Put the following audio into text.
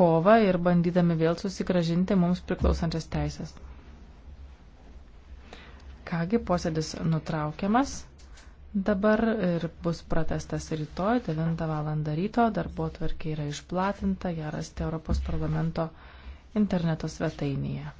kovą ir bandydami vėl susigražinti mums priklausančias teisės. Kągi, posėdis nutraukiamas dabar ir bus pratestas rytoj 9 val. ryto. Darbo tvarkė yra išplatinta, ją rasti Europos parlamento interneto svetainėje.